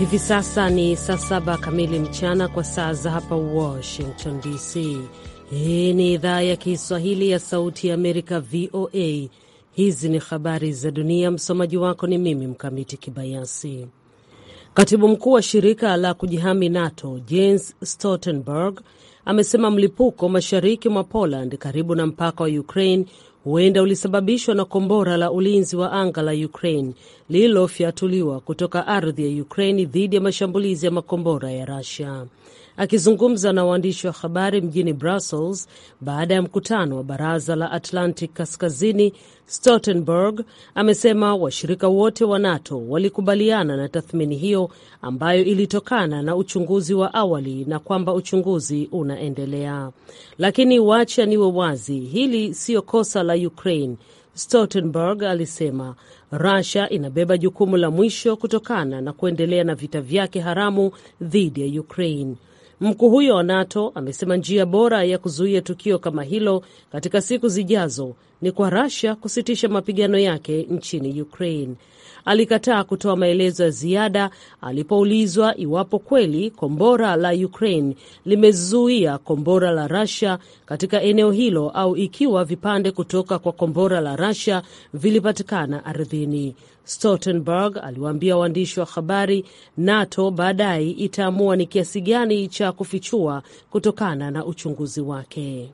Hivi sasa ni saa saba kamili mchana kwa saa za hapa Washington DC. Hii ni idhaa ya Kiswahili ya Sauti ya Amerika, VOA. Hizi ni habari za dunia. Msomaji wako ni mimi Mkamiti Kibayasi. Katibu mkuu wa shirika la kujihami NATO Jens Stoltenberg amesema mlipuko mashariki mwa Poland karibu na mpaka wa Ukraine huenda ulisababishwa na kombora la ulinzi wa anga la Ukraine lililofyatuliwa kutoka ardhi ya Ukraine dhidi ya mashambulizi ya makombora ya Russia. Akizungumza na waandishi wa habari mjini Brussels baada ya mkutano wa baraza la Atlantic Kaskazini, Stoltenberg amesema washirika wote wa NATO walikubaliana na tathmini hiyo ambayo ilitokana na uchunguzi wa awali na kwamba uchunguzi unaendelea. Lakini wacha niwe wazi, hili siyo kosa la Ukraine. Stoltenberg alisema Russia inabeba jukumu la mwisho kutokana na kuendelea na vita vyake haramu dhidi ya Ukraine. Mkuu huyo wa NATO amesema njia bora ya kuzuia tukio kama hilo katika siku zijazo ni kwa Russia kusitisha mapigano yake nchini Ukraine alikataa kutoa maelezo ya ziada alipoulizwa iwapo kweli kombora la Ukraine limezuia kombora la Russia katika eneo hilo au ikiwa vipande kutoka kwa kombora la Russia vilipatikana ardhini. Stoltenberg aliwaambia waandishi wa habari NATO baadaye itaamua ni kiasi gani cha kufichua kutokana na uchunguzi wake.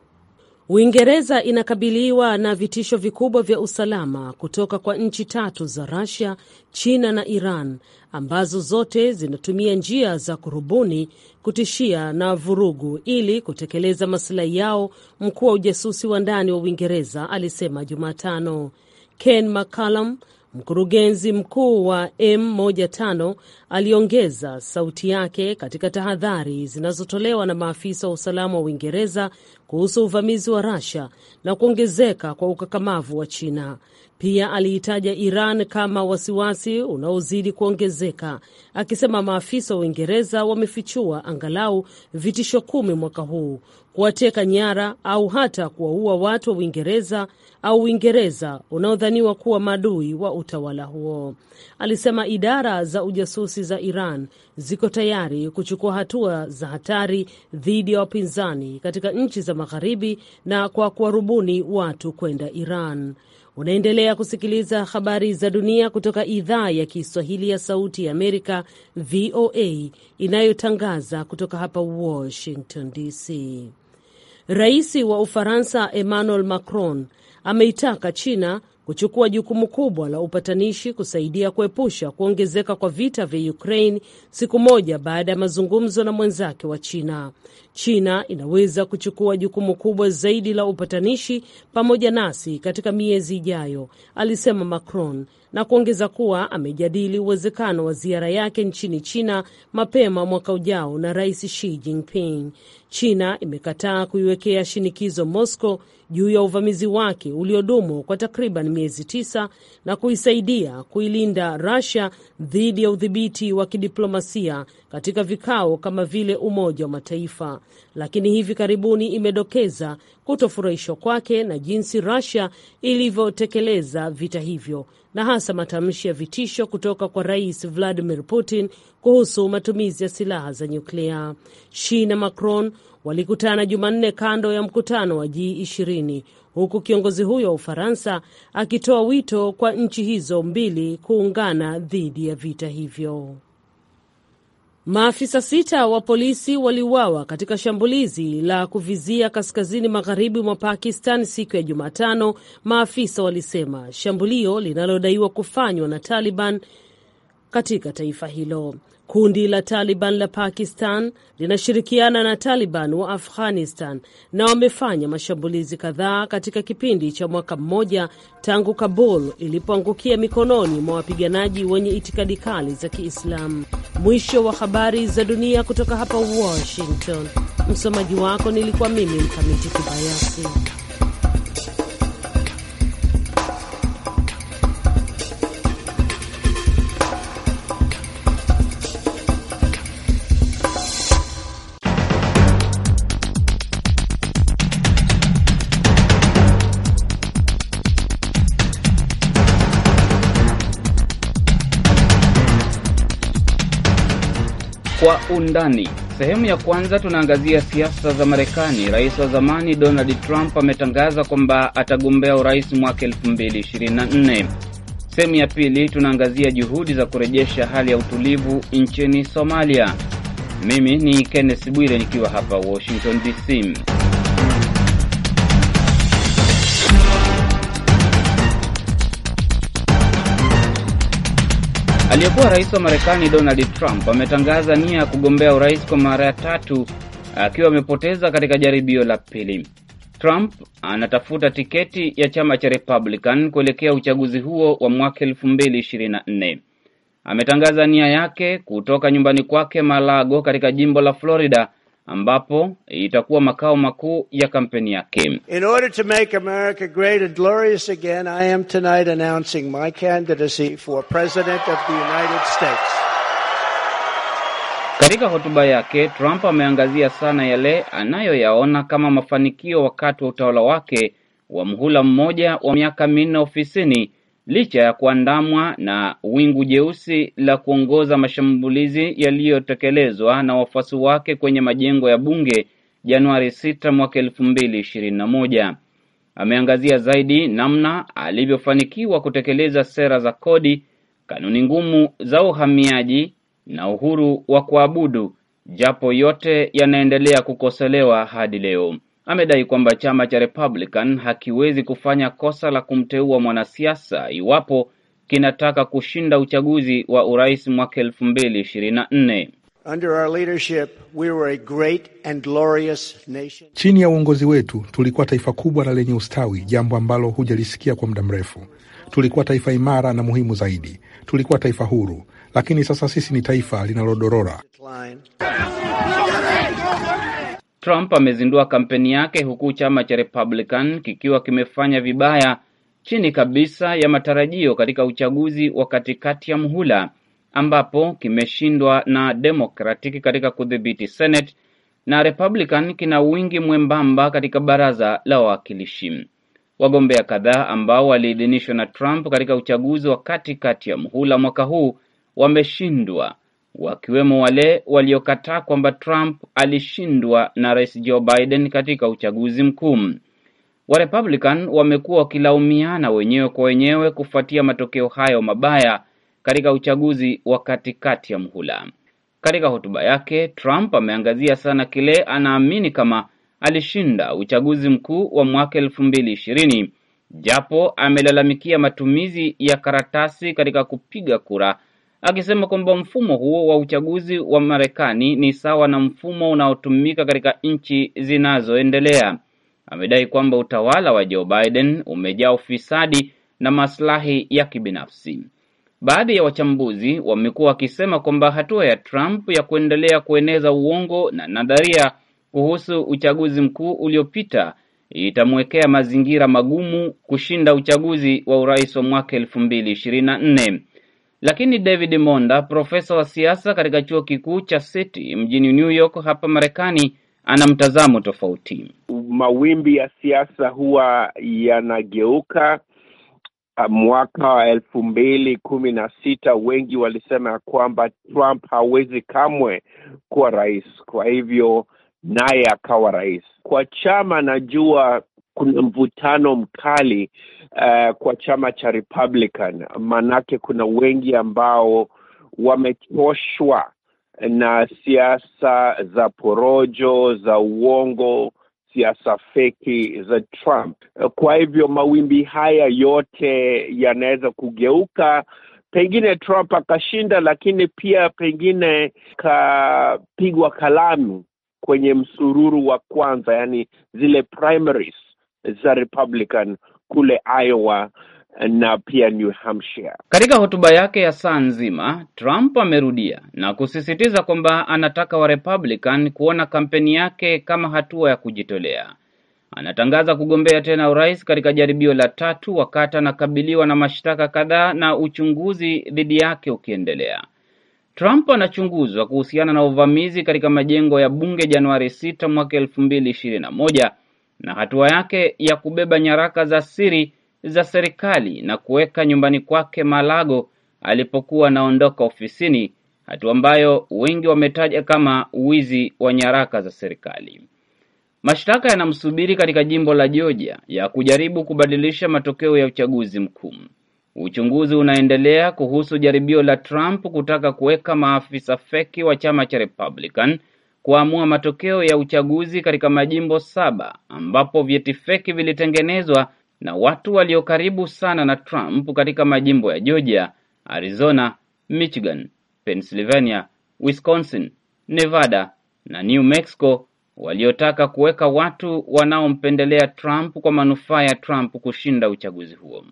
Uingereza inakabiliwa na vitisho vikubwa vya usalama kutoka kwa nchi tatu za rasia China na Iran ambazo zote zinatumia njia za kurubuni kutishia na vurugu ili kutekeleza masilahi yao, mkuu wa ujasusi wa ndani wa Uingereza alisema Jumatano. Ken McCallum Mkurugenzi mkuu wa M15 aliongeza sauti yake katika tahadhari zinazotolewa na maafisa wa usalama wa Uingereza kuhusu uvamizi wa Russia na kuongezeka kwa ukakamavu wa China. Pia aliitaja Iran kama wasiwasi unaozidi kuongezeka, akisema maafisa wa Uingereza wamefichua angalau vitisho kumi mwaka huu, kuwateka nyara au hata kuwaua watu wa Uingereza au Uingereza unaodhaniwa kuwa maadui wa utawala huo. Alisema idara za ujasusi za Iran ziko tayari kuchukua hatua za hatari dhidi ya wapinzani katika nchi za Magharibi na kwa kuwarubuni watu kwenda Iran. Unaendelea kusikiliza habari za dunia kutoka idhaa ya Kiswahili ya Sauti ya Amerika, VOA, inayotangaza kutoka hapa Washington DC. Rais wa Ufaransa Emmanuel Macron ameitaka China kuchukua jukumu kubwa la upatanishi kusaidia kuepusha kuongezeka kwa vita vya Ukraine siku moja baada ya mazungumzo na mwenzake wa China. China inaweza kuchukua jukumu kubwa zaidi la upatanishi pamoja nasi katika miezi ijayo, alisema Macron na kuongeza kuwa amejadili uwezekano wa ziara yake nchini China mapema mwaka ujao na Rais Xi Jinping. China imekataa kuiwekea shinikizo Moscow juu ya uvamizi wake uliodumu kwa takriban miezi tisa na kuisaidia kuilinda Russia dhidi ya udhibiti wa kidiplomasia katika vikao kama vile Umoja wa Mataifa lakini hivi karibuni imedokeza kutofurahishwa kwake na jinsi Russia ilivyotekeleza vita hivyo na hasa matamshi ya vitisho kutoka kwa Rais Vladimir Putin kuhusu matumizi ya silaha za nyuklia. Xi na Macron walikutana Jumanne kando ya mkutano wa G20 huku kiongozi huyo wa Ufaransa akitoa wito kwa nchi hizo mbili kuungana dhidi ya vita hivyo. Maafisa sita wa polisi waliuawa katika shambulizi la kuvizia kaskazini magharibi mwa Pakistan siku ya Jumatano, maafisa walisema, shambulio linalodaiwa kufanywa na Taliban katika taifa hilo. Kundi la Taliban la Pakistan linashirikiana na Taliban wa Afghanistan na wamefanya mashambulizi kadhaa katika kipindi cha mwaka mmoja tangu Kabul ilipoangukia mikononi mwa wapiganaji wenye itikadi kali za Kiislamu. Mwisho wa habari za dunia kutoka hapa Washington. Msomaji wako nilikuwa mimi Mkamiti Kibayasi. Kwa undani sehemu ya kwanza, tunaangazia siasa za Marekani. Rais wa zamani Donald Trump ametangaza kwamba atagombea urais mwaka 2024. Sehemu ya pili, tunaangazia juhudi za kurejesha hali ya utulivu nchini Somalia. Mimi ni Kenneth Bwire nikiwa hapa Washington DC. Aliyekuwa rais wa Marekani Donald Trump ametangaza nia ya kugombea urais kwa mara ya tatu akiwa amepoteza katika jaribio la pili. Trump anatafuta tiketi ya chama cha Republican kuelekea uchaguzi huo wa mwaka 2024. Ametangaza nia yake kutoka nyumbani kwake Malago katika jimbo la Florida ambapo itakuwa makao makuu ya kampeni yake. In order to make America great and glorious again, I am tonight announcing my candidacy for president of the United States. Katika hotuba yake, Trump ameangazia sana yale anayoyaona kama mafanikio wakati wa utawala wake wa mhula mmoja wa miaka minne ofisini licha ya kuandamwa na wingu jeusi la kuongoza mashambulizi yaliyotekelezwa na wafuasi wake kwenye majengo ya bunge Januari 6 mwaka 2021. Ameangazia zaidi namna alivyofanikiwa kutekeleza sera za kodi, kanuni ngumu za uhamiaji na uhuru wa kuabudu, japo yote yanaendelea kukosolewa hadi leo amedai kwamba chama cha Republican hakiwezi kufanya kosa la kumteua mwanasiasa iwapo kinataka kushinda uchaguzi wa urais mwaka 2024. Under our leadership, we were a great and glorious nation. Chini ya uongozi wetu tulikuwa taifa kubwa na lenye ustawi, jambo ambalo hujalisikia kwa muda mrefu. Tulikuwa taifa imara na muhimu zaidi, tulikuwa taifa huru, lakini sasa sisi ni taifa linalodorora. Trump amezindua kampeni yake huku chama cha Republican kikiwa kimefanya vibaya chini kabisa ya matarajio katika uchaguzi wa katikati ya muhula ambapo kimeshindwa na Democratic katika kudhibiti Senate na Republican kina wingi mwembamba katika baraza la wawakilishi. Wagombea kadhaa ambao waliidhinishwa na Trump katika uchaguzi wa katikati ya muhula mwaka huu wameshindwa wakiwemo wale waliokataa kwamba Trump alishindwa na Rais Joe Biden katika uchaguzi mkuu. warepublican wamekuwa wakilaumiana wenyewe kwa wenyewe kufuatia matokeo hayo mabaya katika uchaguzi wa katikati ya mhula. Katika hotuba yake, Trump ameangazia sana kile anaamini kama alishinda uchaguzi mkuu wa mwaka elfu mbili ishirini, japo amelalamikia matumizi ya karatasi katika kupiga kura akisema kwamba mfumo huo wa uchaguzi wa Marekani ni sawa na mfumo unaotumika katika nchi zinazoendelea. Amedai kwamba utawala wa Joe Biden umejaa ufisadi na maslahi ya kibinafsi. Baadhi ya wachambuzi wamekuwa wakisema kwamba hatua ya Trump ya kuendelea kueneza uongo na nadharia kuhusu uchaguzi mkuu uliopita itamwekea mazingira magumu kushinda uchaguzi wa urais wa mwaka elfu mbili ishirini na nne. Lakini David Monda, profesa wa siasa katika Chuo Kikuu cha City mjini New York hapa Marekani, ana mtazamo tofauti. Mawimbi ya siasa huwa yanageuka. Ah, mwaka wa elfu mbili kumi na sita wengi walisema ya kwamba Trump hawezi kamwe kuwa rais, kwa hivyo naye akawa rais. Kwa chama, najua kuna mvutano mkali uh, kwa chama cha Republican, maanake kuna wengi ambao wamechoshwa na siasa za porojo, za uongo, siasa feki za Trump. Kwa hivyo mawimbi haya yote yanaweza kugeuka pengine Trump akashinda, lakini pia pengine kapigwa kalamu kwenye msururu wa kwanza, yani zile primaries za Republican kule Iowa na pia New Hampshire. Katika hotuba yake ya saa nzima, Trump amerudia na kusisitiza kwamba anataka wa Republican kuona kampeni yake kama hatua ya kujitolea. Anatangaza kugombea tena urais katika jaribio la tatu, wakati anakabiliwa na mashtaka kadhaa na uchunguzi dhidi yake ukiendelea. Trump anachunguzwa kuhusiana na uvamizi katika majengo ya bunge Januari 6 mwaka 2021 na hatua yake ya kubeba nyaraka za siri za serikali na kuweka nyumbani kwake Malago alipokuwa anaondoka ofisini, hatua ambayo wengi wametaja kama wizi wa nyaraka za serikali. Mashtaka yanamsubiri katika jimbo la Georgia ya kujaribu kubadilisha matokeo ya uchaguzi mkuu. Uchunguzi unaendelea kuhusu jaribio la Trump kutaka kuweka maafisa feki wa chama cha Republican kuamua matokeo ya uchaguzi katika majimbo saba ambapo vyeti feki vilitengenezwa na watu walio karibu sana na Trump katika majimbo ya Georgia, Arizona, Michigan, Pennsylvania, Wisconsin, Nevada na New Mexico waliotaka kuweka watu wanaompendelea Trump kwa manufaa ya Trump kushinda uchaguzi huo.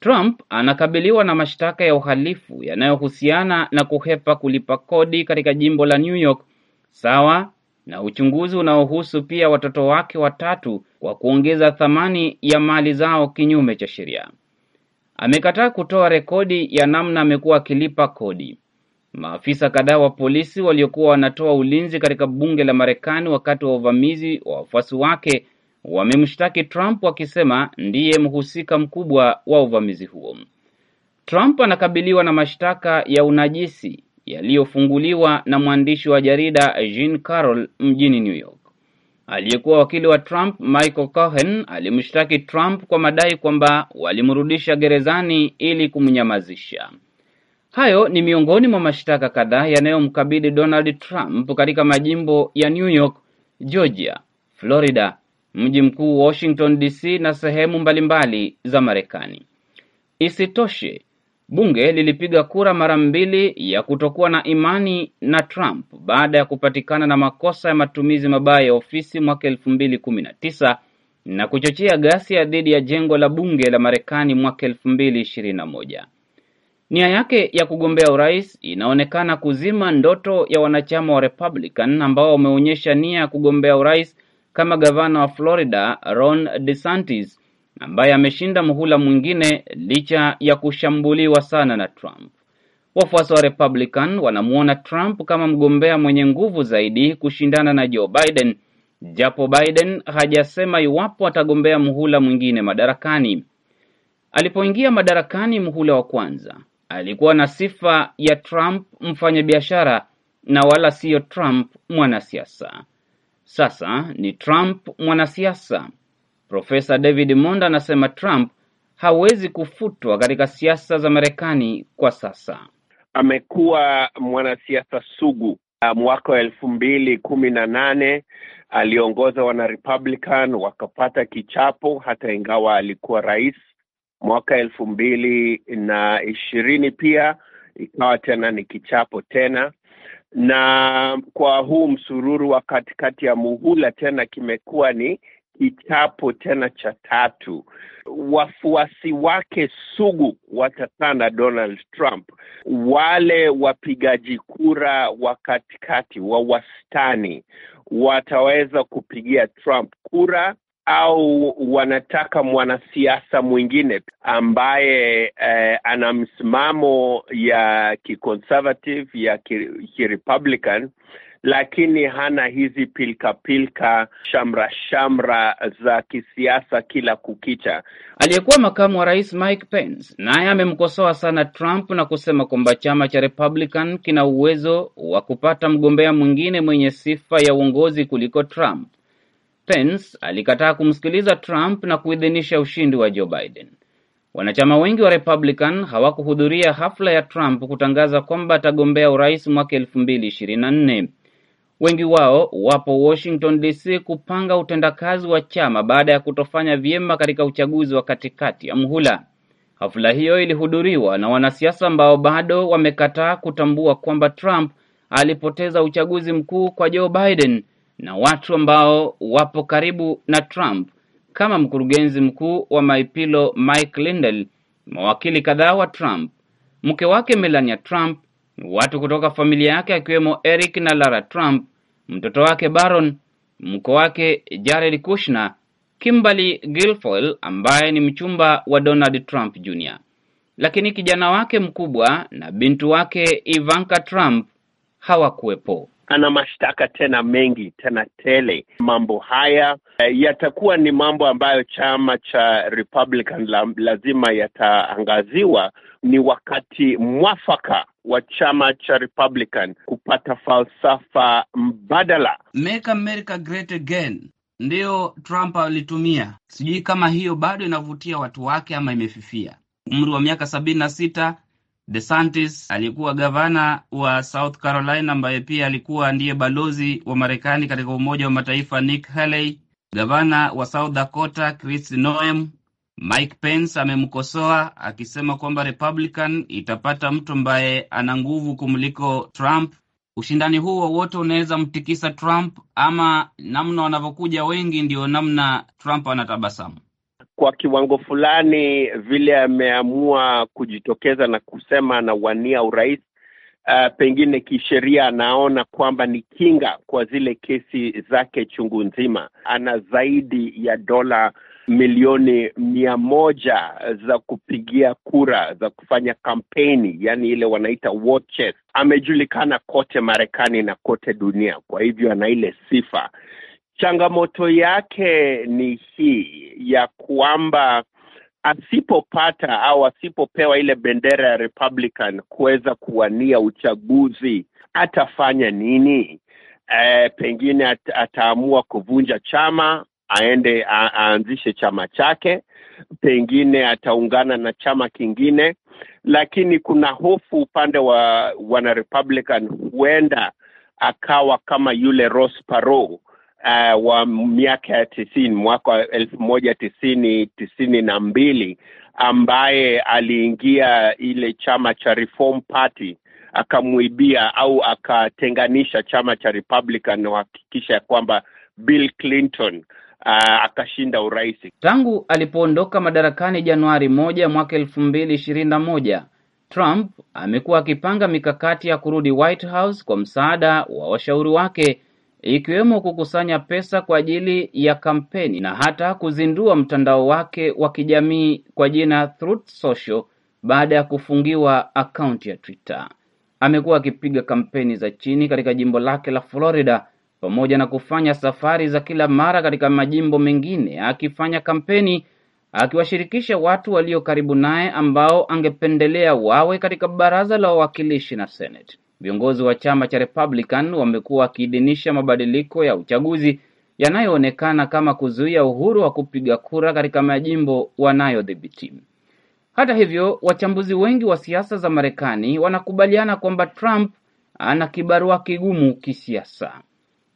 Trump anakabiliwa na mashtaka ya uhalifu yanayohusiana na kuhepa kulipa kodi katika jimbo la New York sawa na uchunguzi unaohusu pia watoto wake watatu kwa kuongeza thamani ya mali zao kinyume cha sheria. Amekataa kutoa rekodi ya namna amekuwa akilipa kodi. Maafisa kadhaa wa polisi waliokuwa wanatoa ulinzi katika bunge la Marekani wakati wa uvamizi wa wafuasi wake wamemshtaki Trump wakisema ndiye mhusika mkubwa wa uvamizi huo. Trump anakabiliwa na mashtaka ya unajisi, yaliyofunguliwa na mwandishi wa jarida Jean Carroll mjini New York. Aliyekuwa wakili wa Trump Michael Cohen alimshtaki Trump kwa madai kwamba walimrudisha gerezani ili kumnyamazisha. Hayo ni miongoni mwa mashtaka kadhaa yanayomkabili Donald Trump katika majimbo ya New York, Georgia, Florida, mji mkuu Washington DC na sehemu mbalimbali za Marekani. Isitoshe, Bunge lilipiga kura mara mbili ya kutokuwa na imani na Trump baada ya kupatikana na makosa ya matumizi mabaya ya ofisi mwaka elfu mbili kumi na tisa na kuchochea ghasia dhidi ya jengo la bunge la Marekani mwaka elfu mbili ishirini na moja. Nia yake ya kugombea urais inaonekana kuzima ndoto ya wanachama wa Republican ambao wameonyesha nia ya kugombea urais kama gavana wa Florida Ron DeSantis ambaye ameshinda muhula mwingine licha ya kushambuliwa sana na Trump. Wafuasi wa Republican wanamwona Trump kama mgombea mwenye nguvu zaidi kushindana na Joe Biden, japo Biden hajasema iwapo atagombea muhula mwingine madarakani. Alipoingia madarakani muhula wa kwanza, alikuwa na sifa ya Trump mfanyabiashara na wala siyo Trump mwanasiasa. Sasa ni Trump mwanasiasa Profesa David Monda anasema Trump hawezi kufutwa katika siasa za Marekani kwa sasa. Amekuwa mwanasiasa sugu. Ah, mwaka wa elfu mbili kumi na nane aliongoza wana Republican wakapata kichapo, hata ingawa alikuwa rais. Mwaka elfu mbili na ishirini pia ikawa tena ni kichapo tena, na kwa huu msururu wa katikati ya muhula tena kimekuwa ni kitapo tena cha tatu. Wafuasi wake sugu na Donald Trump, wale wapigaji kura wa katikati wa wastani wataweza kupigia Trump kura au wanataka mwanasiasa mwingine ambaye eh, ana msimamo ya kiconservative ya kirepublican ki lakini hana hizi pilkapilka shamra shamra za kisiasa kila kukicha. Aliyekuwa makamu wa rais Mike Pence naye amemkosoa sana Trump na kusema kwamba chama cha Republican kina uwezo wa kupata mgombea mwingine mwenye sifa ya uongozi kuliko Trump. Pence alikataa kumsikiliza Trump na kuidhinisha ushindi wa Joe Biden. Wanachama wengi wa Republican hawakuhudhuria hafla ya Trump kutangaza kwamba atagombea urais mwaka 2024. Wengi wao wapo Washington DC kupanga utendakazi wa chama baada ya kutofanya vyema katika uchaguzi wa katikati ya muhula. Hafla hiyo ilihudhuriwa na wanasiasa ambao bado wamekataa kutambua kwamba Trump alipoteza uchaguzi mkuu kwa Joe Biden na watu ambao wapo karibu na Trump kama mkurugenzi mkuu wa Maipilo Mike Lindell, mawakili kadhaa wa Trump, mke wake Melania Trump watu kutoka familia yake akiwemo Eric na Lara Trump, mtoto wake Baron, mko wake Jared Kushner, Kimberly Guilfoyle ambaye ni mchumba wa Donald Trump Jr. Lakini kijana wake mkubwa na bintu wake Ivanka Trump hawakuwepo. Ana mashtaka tena mengi tena tele. Mambo haya eh, yatakuwa ni mambo ambayo chama cha Republican lazima yataangaziwa. Ni wakati mwafaka wa chama cha Republican kupata falsafa mbadala. Make America Great Again ndiyo Trump alitumia. Sijui kama hiyo bado inavutia watu wake ama imefifia. Umri wa miaka sabini na sita. DeSantis aliyekuwa gavana wa South Carolina, ambaye pia alikuwa ndiye balozi wa Marekani katika Umoja wa Mataifa, Nick Haley, gavana wa South Dakota, Chris Noem, Mike Pence amemkosoa akisema kwamba Republican itapata mtu ambaye ana nguvu kumliko Trump. Ushindani huu wowote unaweza mtikisa Trump, ama namna wanavyokuja wengi ndiyo namna Trump anatabasamu kwa kiwango fulani vile ameamua kujitokeza na kusema anawania urais. Uh, pengine kisheria anaona kwamba ni kinga kwa zile kesi zake chungu nzima. Ana zaidi ya dola milioni mia moja za kupigia kura za kufanya kampeni, yani ile wanaita war chest. Amejulikana kote Marekani na kote dunia, kwa hivyo ana ile sifa. Changamoto yake ni hii ya kwamba asipopata au asipopewa ile bendera ya Republican kuweza kuwania uchaguzi atafanya nini? E, pengine at, ataamua kuvunja chama aende aanzishe chama chake, pengine ataungana na chama kingine, lakini kuna hofu upande wa wana Republican, huenda akawa kama yule Ross Perot uh, wa miaka ya tisini mwaka wa elfu moja tisini tisini na mbili ambaye aliingia ile chama cha Reform Party akamwibia au akatenganisha chama cha Republican na kuhakikisha ya kwamba Bill Clinton uh, akashinda urais. Tangu alipoondoka madarakani Januari moja mwaka elfu mbili ishirini na moja, Trump amekuwa akipanga mikakati ya kurudi White House kwa msaada wa washauri wake ikiwemo kukusanya pesa kwa ajili ya kampeni na hata kuzindua mtandao wake wa kijamii kwa jina Truth Social baada ya kufungiwa akaunti ya Twitter. Amekuwa akipiga kampeni za chini katika jimbo lake la Florida pamoja na kufanya safari za kila mara katika majimbo mengine akifanya kampeni akiwashirikisha watu walio karibu naye ambao angependelea wawe katika baraza la wawakilishi na Senate. Viongozi wa chama cha Republican wamekuwa wakiidhinisha mabadiliko ya uchaguzi yanayoonekana kama kuzuia uhuru wa kupiga kura katika majimbo wanayodhibiti. Hata hivyo, wachambuzi wengi wa siasa za Marekani wanakubaliana kwamba Trump ana kibarua kigumu kisiasa.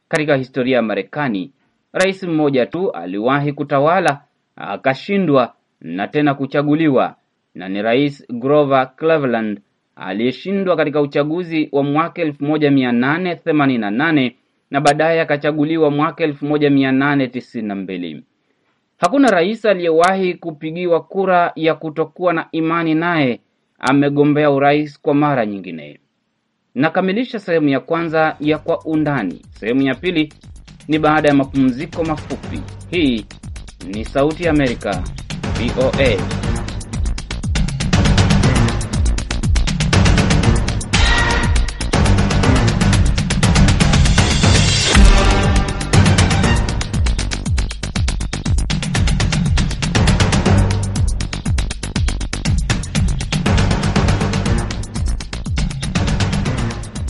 Katika historia ya Marekani, rais mmoja tu aliwahi kutawala akashindwa na tena kuchaguliwa, na ni Rais Grover Cleveland aliyeshindwa katika uchaguzi wa mwaka 1888 na baadaye akachaguliwa mwaka 1892. Hakuna rais aliyewahi kupigiwa kura ya kutokuwa na imani naye amegombea urais kwa mara nyingine. Nakamilisha sehemu ya kwanza ya Kwa Undani. Sehemu ya pili ni baada ya mapumziko mafupi. Hii ni Sauti ya Amerika, VOA.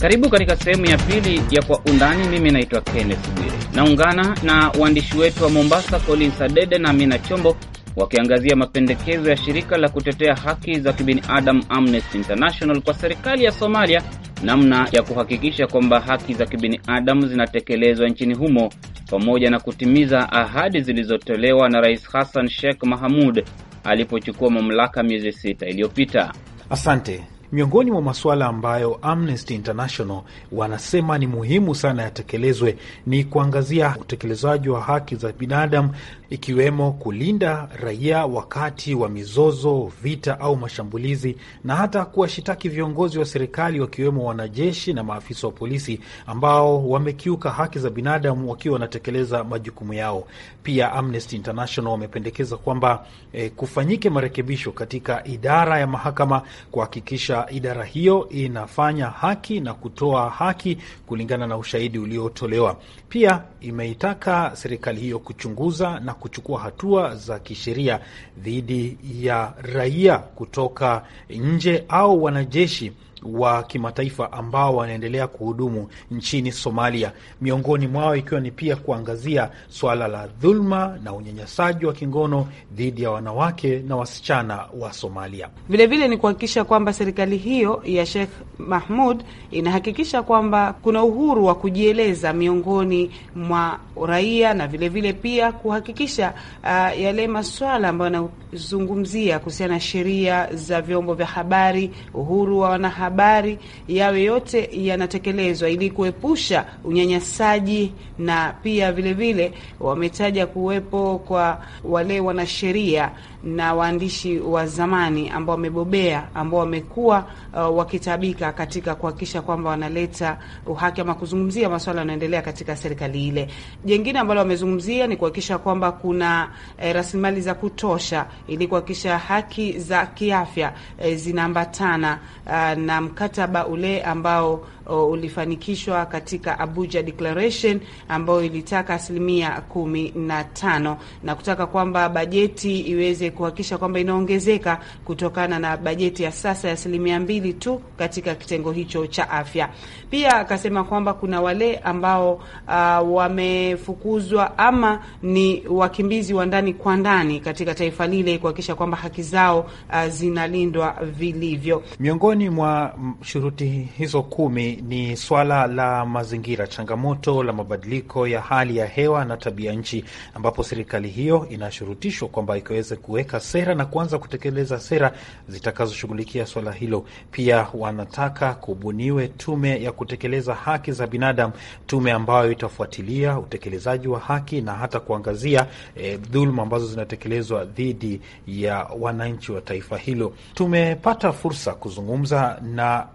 Karibu katika sehemu ya pili ya Kwa Undani. Mimi naitwa Kenneth Bwire, naungana na waandishi wetu wa Mombasa, Collins Adede na Amina Chombo, wakiangazia mapendekezo ya shirika la kutetea haki za kibinadamu Amnesty International kwa serikali ya Somalia, namna ya kuhakikisha kwamba haki za kibinadamu zinatekelezwa nchini humo, pamoja na kutimiza ahadi zilizotolewa na Rais Hassan Sheikh Mahamud alipochukua mamlaka miezi sita iliyopita. Asante. Miongoni mwa masuala ambayo Amnesty International wanasema ni muhimu sana yatekelezwe ni kuangazia utekelezaji wa haki za binadamu ikiwemo kulinda raia wakati wa mizozo, vita au mashambulizi, na hata kuwashitaki viongozi wa serikali wakiwemo wanajeshi na maafisa wa polisi ambao wamekiuka haki za binadamu wakiwa wanatekeleza majukumu yao. Pia Amnesty International wamependekeza kwamba e, kufanyike marekebisho katika idara ya mahakama kuhakikisha idara hiyo inafanya haki na kutoa haki kulingana na ushahidi uliotolewa. Pia imeitaka serikali hiyo kuchunguza na kuchukua hatua za kisheria dhidi ya raia kutoka nje au wanajeshi wa kimataifa ambao wanaendelea kuhudumu nchini Somalia, miongoni mwao ikiwa ni pia kuangazia suala la dhuluma na unyanyasaji wa kingono dhidi ya wanawake na wasichana wa Somalia. Vilevile vile ni kuhakikisha kwamba serikali hiyo ya Sheikh Mahmud inahakikisha kwamba kuna uhuru wa kujieleza miongoni mwa raia na vilevile vile pia kuhakikisha uh, yale maswala ambayo yanazungumzia kuhusiana na sheria za vyombo vya habari, uhuru wa wanahabari habari yawe yote yanatekelezwa ili kuepusha unyanyasaji, na pia vilevile vile, wametaja kuwepo kwa wale wanasheria na waandishi wa zamani ambao wamebobea ambao wamekuwa uh, wakitabika katika kuhakikisha kwamba wanaleta uhaki ama kuzungumzia masuala yanaendelea katika serikali ile. Jengine ambalo wamezungumzia ni kuhakikisha kwamba kuna eh, rasilimali za kutosha ili kuhakikisha haki za kiafya eh, zinaambatana uh, na mkataba ule ambao uh, ulifanikishwa katika Abuja Declaration ambayo ilitaka asilimia kumi na tano na kutaka kwamba bajeti iweze kuhakikisha kwamba inaongezeka kutokana na bajeti ya sasa ya asilimia mbili tu katika kitengo hicho cha afya. Pia akasema kwamba kuna wale ambao uh, wamefukuzwa ama ni wakimbizi wa ndani kwa ndani katika taifa lile, kuhakikisha kwamba haki zao uh, zinalindwa vilivyo. Miongoni mwa shuruti hizo kumi ni swala la mazingira, changamoto la mabadiliko ya hali ya hewa na tabia nchi, ambapo serikali hiyo inashurutishwa kwamba ikiweze kuweka sera na kuanza kutekeleza sera zitakazoshughulikia swala hilo. Pia wanataka kubuniwe tume ya kutekeleza haki za binadamu, tume ambayo itafuatilia utekelezaji wa haki na hata kuangazia e, dhuluma ambazo zinatekelezwa dhidi ya wananchi wa taifa hilo. Tumepata fursa kuzungumza na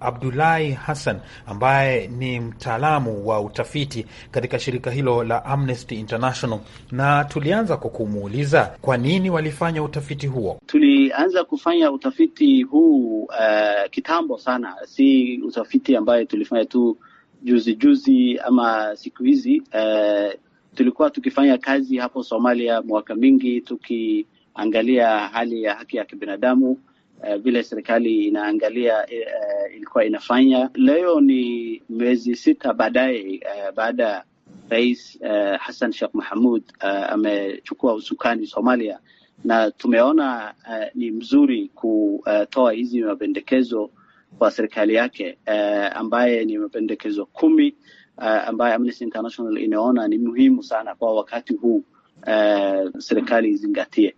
Abdulahi Hassan ambaye ni mtaalamu wa utafiti katika shirika hilo la Amnesty International, na tulianza kwa kumuuliza kwa nini walifanya utafiti huo. Tulianza kufanya utafiti huu uh, kitambo sana, si utafiti ambaye tulifanya tu juzi juzi ama siku hizi uh, tulikuwa tukifanya kazi hapo Somalia mwaka mingi tukiangalia hali ya haki ya kibinadamu Eh, vile serikali inaangalia eh, ilikuwa inafanya. Leo ni miezi sita baadaye eh, baada Rais eh, Hassan Sheikh Mahamud eh, amechukua usukani Somalia, na tumeona eh, ni mzuri kutoa hizi mapendekezo kwa serikali yake eh, ambaye ni mapendekezo kumi eh, ambaye Amnesty International inaona ni muhimu sana kwa wakati huu uh, serikali izingatie.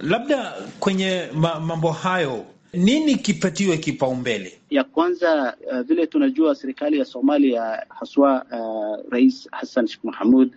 Labda kwenye ma mambo hayo nini kipatiwe kipaumbele? Ya kwanza uh, vile tunajua serikali ya Somalia haswa uh, Rais Hassan Sheikh Mohamud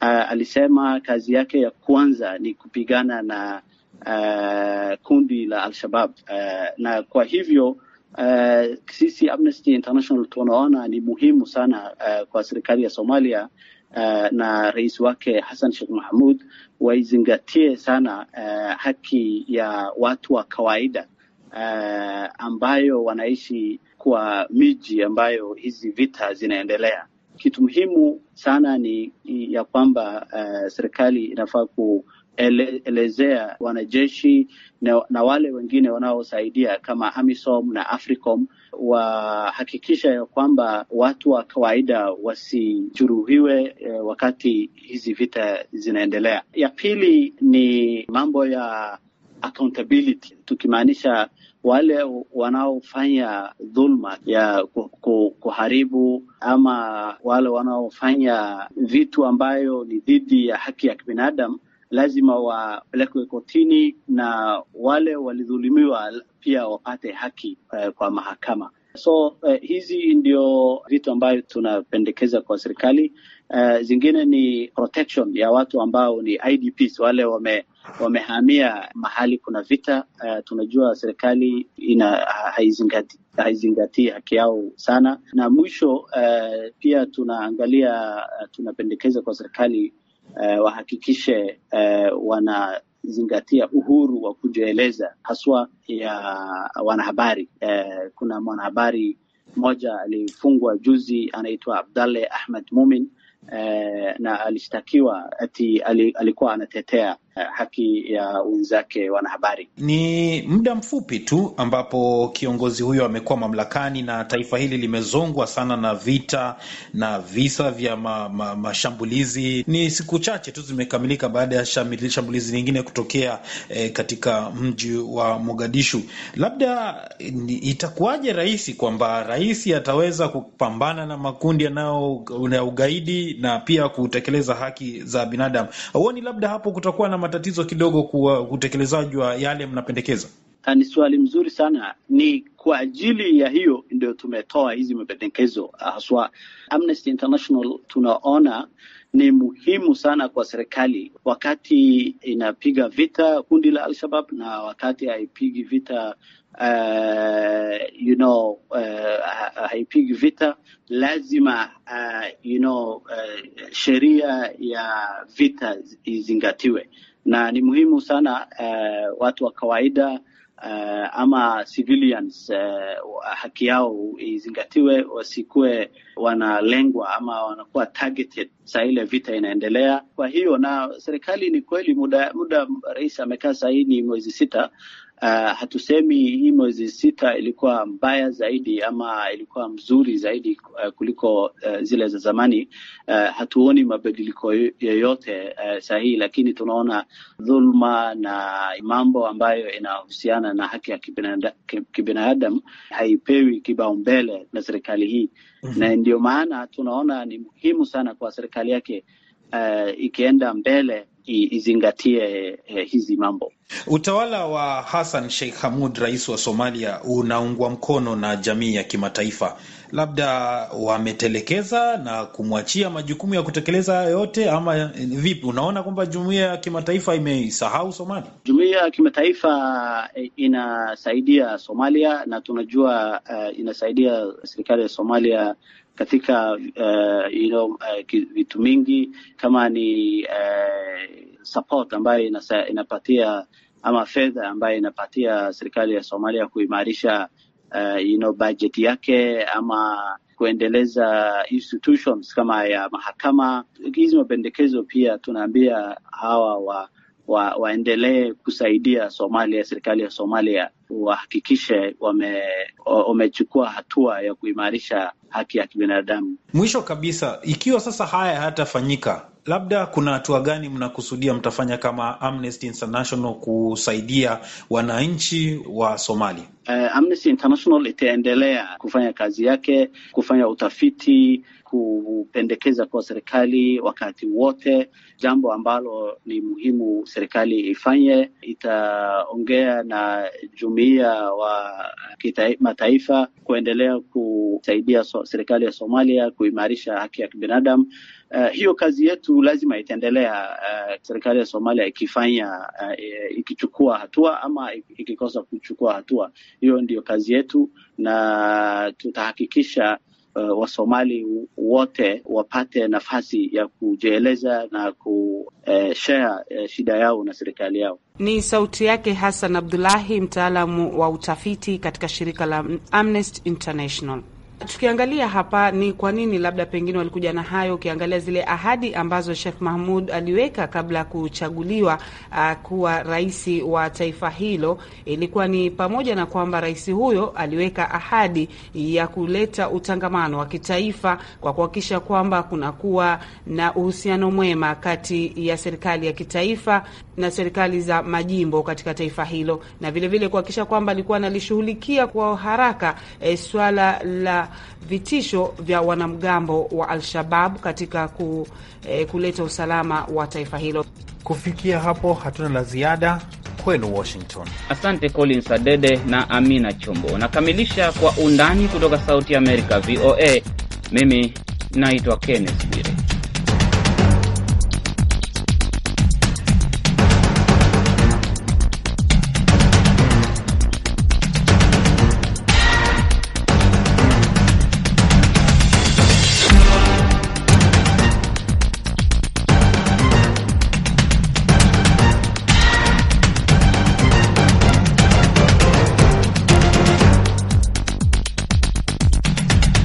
uh, alisema kazi yake ya kwanza ni kupigana na uh, kundi la Al-Shabab uh, na kwa hivyo uh, sisi Amnesty International tunaona ni muhimu sana uh, kwa serikali ya Somalia Eh, na rais wake Hassan Sheikh Mahmud waizingatie sana uh, haki ya watu wa kawaida uh, ambayo wanaishi kwa miji ambayo hizi vita zinaendelea. Kitu muhimu sana ni ya kwamba uh, serikali inafaa ku ele, elezea wanajeshi na, na wale wengine wanaosaidia kama AMISOM na AFRICOM wahakikisha ya kwamba watu wa kawaida wasijuruhiwe eh, wakati hizi vita zinaendelea. Ya pili ni mambo ya accountability tukimaanisha wale wanaofanya dhulma ya kuharibu ama wale wanaofanya vitu ambayo ni dhidi ya haki ya kibinadamu lazima wapelekwe kotini na wale walidhulumiwa pia wapate haki eh, kwa mahakama. So eh, hizi ndio vitu ambayo tunapendekeza kwa serikali. Eh, zingine ni protection ya watu ambao ni IDPs wale wame wamehamia mahali kuna vita. Eh, tunajua serikali ina haizingati haizingatii haki yao sana, na mwisho eh, pia tunaangalia tunapendekeza kwa serikali eh, wahakikishe eh, wanazingatia uhuru wa kujieleza haswa ya wanahabari. Eh, kuna mwanahabari mmoja alifungwa juzi anaitwa Abdalle Ahmed Mumin eh, na alishtakiwa ati alikuwa anatetea Eh, haki ya wenzake wanahabari. Ni muda mfupi tu ambapo kiongozi huyo amekuwa mamlakani, na taifa hili limezongwa sana na vita na visa vya ma, ma, mashambulizi. Ni siku chache tu zimekamilika baada ya shambulizi lingine kutokea eh, katika mji wa Mogadishu. Labda itakuwaje rahisi kwamba rais ataweza kupambana na makundi yanayo ugaidi na pia kutekeleza haki za binadamu? Auoni labda hapo kutakuwa na matatizo kidogo kwa utekelezaji wa yale mnapendekeza? Ah, ni swali mzuri sana. Ni kwa ajili ya hiyo ndio tumetoa hizi mapendekezo ah, haswa. Amnesty International tunaona ni muhimu sana kwa serikali wakati inapiga vita kundi la alshabab na wakati haipigi vita uh, you know, uh, haipigi vita lazima uh, you know, uh, sheria ya vita izingatiwe na ni muhimu sana uh, watu wa kawaida uh, ama civilians uh, haki yao izingatiwe, wasikuwe wanalengwa ama wanakuwa targeted saa ile vita inaendelea. Kwa hiyo na serikali ni kweli, muda muda rais amekaa saa hii ni mwezi sita Uh, hatusemi hii mwezi sita ilikuwa mbaya zaidi ama ilikuwa mzuri zaidi uh, kuliko uh, zile za zamani. Uh, hatuoni mabadiliko yoyote uh, sahihi, lakini tunaona dhulma na mambo ambayo inahusiana na haki ya kibinadamu haipewi kipaumbele na serikali hii mm -hmm. Na ndio maana tunaona ni muhimu sana kwa serikali yake uh, ikienda mbele izingatie eh, hizi mambo. Utawala wa Hassan Sheikh Hamud, rais wa Somalia, unaungwa mkono na jamii ya kimataifa labda wametelekeza na kumwachia majukumu ya kutekeleza hayo yote, ama vipi? Unaona kwamba jumuiya ya kimataifa imeisahau Somalia? Jumuiya ya kimataifa eh, inasaidia Somalia na tunajua uh, inasaidia serikali ya Somalia katika uh, you know, uh, vitu mingi kama ni uh, support ambayo inasa, inapatia ama fedha ambayo inapatia serikali ya Somalia kuimarisha uh, you know, budget yake ama kuendeleza institutions kama ya mahakama. Hizi mapendekezo pia tunaambia hawa wa wa, waendelee kusaidia Somalia, serikali ya Somalia wahakikishe wamechukua wame hatua ya kuimarisha haki ya kibinadamu. Mwisho kabisa, ikiwa sasa haya hayatafanyika, labda kuna hatua gani mnakusudia mtafanya kama Amnesty International kusaidia wananchi wa Somalia? Uh, Amnesty International itaendelea kufanya kazi yake, kufanya utafiti kupendekeza kwa serikali wakati wote, jambo ambalo ni muhimu serikali ifanye. Itaongea na jumuiya wa kimataifa kuendelea kusaidia so, serikali ya Somalia kuimarisha haki ya kibinadamu. Uh, hiyo kazi yetu lazima itaendelea, uh, serikali ya Somalia ikifanya uh, ikichukua hatua ama ikikosa kuchukua hatua, hiyo ndiyo kazi yetu na tutahakikisha uh, eh, Wasomali wote wapate nafasi ya kujieleza na kushea eh, uh, eh, shida yao na serikali yao. Ni sauti yake Hassan Abdullahi, mtaalamu wa utafiti katika shirika la Amnesty International. Tukiangalia hapa ni kwa nini labda pengine walikuja na hayo, ukiangalia zile ahadi ambazo Sheikh Mahmud aliweka kabla ya kuchaguliwa uh, kuwa rais wa taifa hilo, ilikuwa ni pamoja na kwamba rais huyo aliweka ahadi ya kuleta utangamano wa kitaifa kwa kuhakikisha kwamba kunakuwa na uhusiano mwema kati ya serikali ya kitaifa na serikali za majimbo katika taifa hilo, na vilevile kuhakikisha kwamba alikuwa analishughulikia kwa haraka e, swala la vitisho vya wanamgambo wa Al-Shabab katika ku, e, kuleta usalama wa taifa hilo. Kufikia hapo hatuna la ziada kwenu Washington. Asante Collins Adede na Amina Chombo. Nakamilisha kwa undani kutoka Sauti ya Amerika VOA. Mimi naitwa Kenneth Bwire.